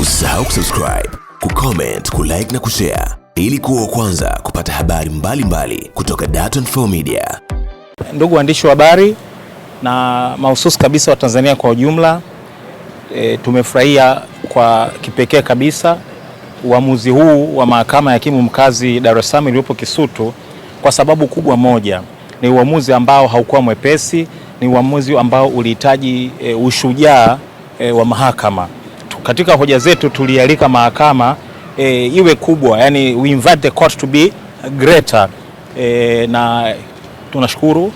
Usisahau kusubscribe, kucomment, kulike na kushare ili kuwa kwanza kupata habari mbalimbali mbali kutoka Dar24 Media. Ndugu waandishi wa habari na mahususi kabisa wa Tanzania kwa ujumla, e, tumefurahia kwa kipekee kabisa uamuzi huu wa mahakama ya hakimu mkazi Dar es Salaam iliyopo Kisutu kwa sababu kubwa moja, ni uamuzi ambao haukuwa mwepesi, ni uamuzi ambao ulihitaji e, ushujaa e, wa mahakama katika hoja zetu tulialika mahakama e, iwe kubwa, yani we invite the court to be greater e, na tunashukuru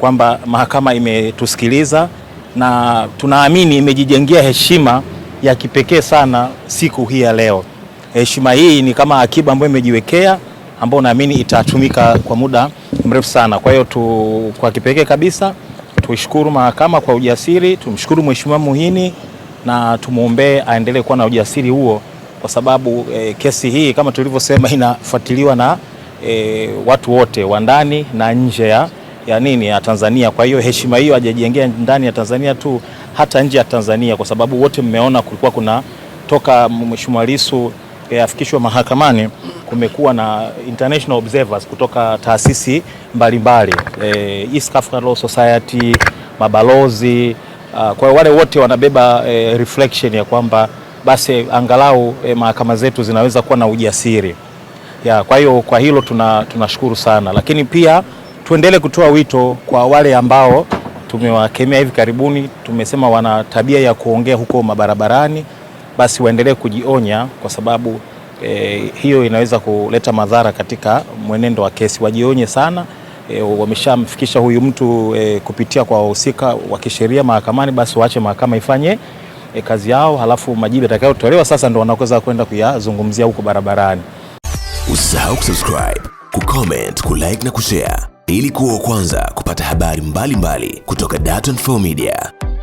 kwamba mahakama imetusikiliza na tunaamini imejijengea heshima ya kipekee sana siku hii ya leo. Heshima hii ni kama akiba ambayo imejiwekea ambayo naamini itatumika kwa muda mrefu sana. Kwa hiyo tu, kwa kipekee kabisa tuishukuru mahakama kwa ujasiri, tumshukuru Mheshimiwa Muhini na tumwombee aendelee kuwa na ujasiri huo, kwa sababu e, kesi hii kama tulivyosema inafuatiliwa na e, watu wote wa ndani na nje ya, ya nini ya Tanzania. Kwa hiyo heshima hiyo hajajengea ndani ya Tanzania tu, hata nje ya Tanzania, kwa sababu wote mmeona kulikuwa kuna toka Mheshimiwa Lissu e, mahakamani kumekuwa na international observers kutoka taasisi mbalimbali mbali. E, East African Law Society, mabalozi Ah, kwa wale wote wanabeba eh, reflection ya kwamba basi angalau eh, mahakama zetu zinaweza kuwa na ujasiri ya, kwa hiyo kwa hilo tunashukuru tuna sana, lakini pia tuendelee kutoa wito kwa wale ambao tumewakemea hivi karibuni, tumesema wana tabia ya kuongea huko mabarabarani, basi waendelee kujionya kwa sababu eh, hiyo inaweza kuleta madhara katika mwenendo wa kesi. Wajionye sana e, wameshamfikisha huyu mtu e, kupitia kwa wahusika wa kisheria mahakamani, basi waache mahakama ifanye e, kazi yao, halafu majibu yatakayotolewa sasa ndo wanaweza kwenda kuyazungumzia huko barabarani. Usisahau kusubscribe, kucomment, kulike na kushare ili kuwa wa kwanza kupata habari mbalimbali mbali kutoka Dar24 Media.